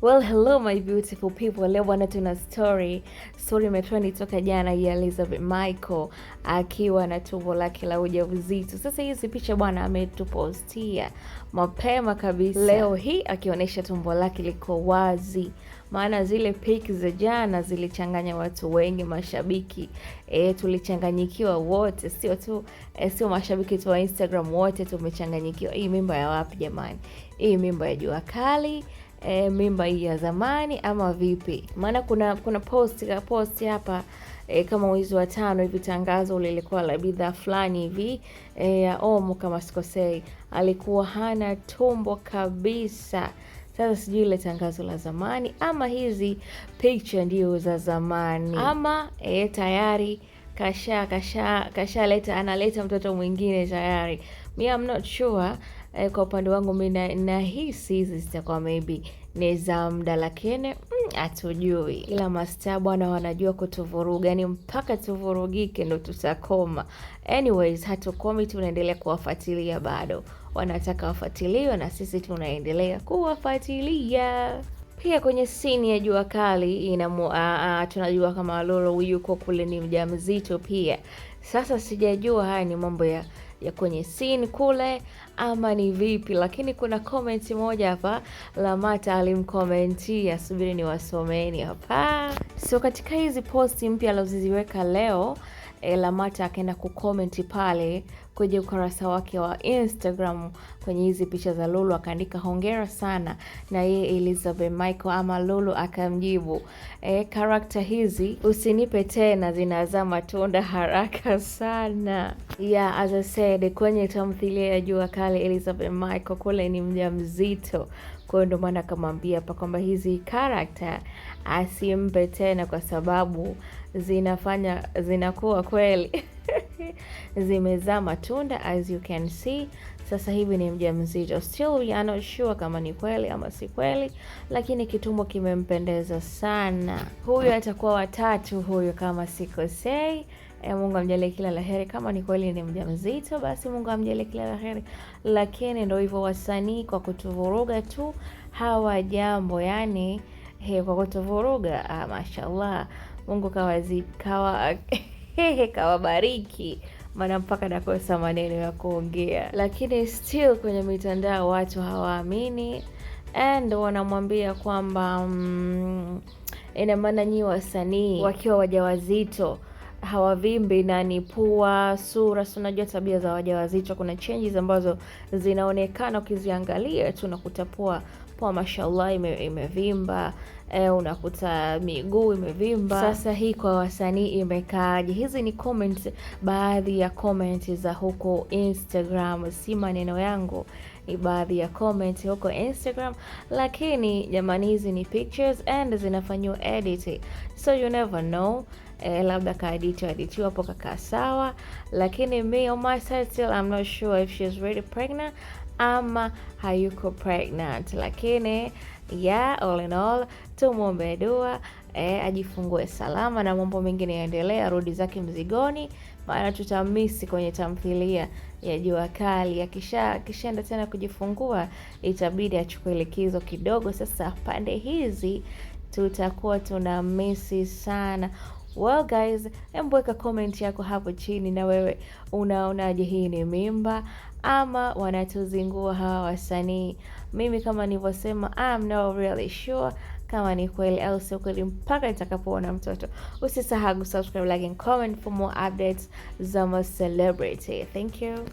Well, hello my beautiful people. Leo bwana, tuna story. Story imetoka nitoka jana ya Elizabeth Michael akiwa na tumbo lake la ujauzito. Sasa hizi picha bwana ametupostia mapema kabisa leo hii akionyesha tumbo lake liko wazi, maana zile pic za jana zilichanganya watu wengi, mashabiki e, tulichanganyikiwa wote, sio tu e, sio mashabiki tu wa Instagram, wote tumechanganyikiwa. Hii mimba ya wapi jamani? Hii mimba ya jua kali e, mimba hii ya zamani ama vipi? Maana kuna kuna post post hapa e, kama mwezi wa tano hivi tangazo lilikuwa la bidhaa fulani hivi eh, ya e, Omo kama sikosei, alikuwa hana tumbo kabisa. Sasa sijui ile tangazo la zamani ama hizi picture ndio za zamani ama e, tayari kasha kasha kashaleta analeta mtoto mwingine tayari mi am not sure eh, kwa upande wangu mi nahisi hizi zitakuwa maybe ni za muda, lakini mm, hatujui mm, ila mastaa bwana wanajua kutuvuruga, yani mpaka tuvurugike ndo tutakoma. Anyways, hatukomi, tunaendelea kuwafuatilia bado, wanataka wafuatiliwe na sisi tunaendelea kuwafuatilia. Pia kwenye sini ya jua kali tunajua kama Lolo yuko kule ni mjamzito pia. Sasa sijajua haya ni mambo ya ya kwenye scene kule ama ni vipi, lakini kuna comment moja hapa Lamata alimkomentia, subiri ni wasomeni hapa. So katika hizi posti mpya alizoziweka leo e, Lamata akaenda kukomenti pale kwenye ukurasa wake wa Instagram kwenye hizi picha za Lulu akaandika hongera sana, na yeye Elizabeth Michael ama Lulu akamjibu e, karakta hizi usinipe tena, zinazaa matunda haraka sana. Yeah, as I said, kwenye tamthilia ya Jua Kali Elizabeth Michael kule ni mjamzito kwa hiyo ndio maana akamwambia hapa kwamba hizi karakta asimpe tena, kwa sababu zinafanya zinakuwa kweli. zimezaa matunda as you can see. Sasa hivi ni mjamzito, still we are not sure kama ni kweli ama si kweli, lakini kitumbo kimempendeza sana. Huyu atakuwa watatu huyu kama sikosei. E, Mungu amjalie kila laheri. Kama ni kweli ni mjamzito, basi Mungu amjalie kila laheri. Lakini ndio hivyo, wasanii kwa kutuvuruga tu hawa jambo yani he, eh, kwa kutuvuruga ah, mashallah Mungu kawazi kawa Hehe, kawabariki maana mpaka nakosa maneno ya kuongea, lakini still kwenye mitandao watu hawaamini and wanamwambia kwamba mm, ina maana nyi wasanii wakiwa wajawazito hawavimbi na ni pua sura, si unajua tabia za wajawazito. Kuna changes ambazo zinaonekana ukiziangalia tu, na kutapua poa, mashallah, ime, imevimba e, unakuta miguu imevimba. Sasa hii kwa wasanii imekaaje? Hizi ni comment, baadhi ya comment za huko Instagram, si maneno yangu ni baadhi ya comment huko Instagram, lakini jamani, hizi ni pictures and zinafanyiwa edit, so you never know eh, labda kaeditiwa editiwa hapo kakaa sawa, lakini me on my side still I'm not sure if she's really pregnant ama hayuko pregnant, lakini yeah, all in all tumwombee dua eh, ajifungue salama na mambo mengine yaendelee, arudi zake mzigoni, maana tutamisi kwenye tamthilia ya Jua Kali. Akishaenda tena kujifungua, itabidi achukue likizo kidogo. Sasa pande hizi tutakuwa tuna misi sana. Well guys, hebu weka comment yako hapo chini, na wewe unaonaje? Hii ni mimba ama wanatuzingua hawa wasanii? Mimi kama nilivyosema, I'm not really sure kama ni kweli au sio kweli, mpaka nitakapoona mtoto. Usisahau subscribe, like and comment for more updates za ma celebrity. Thank you.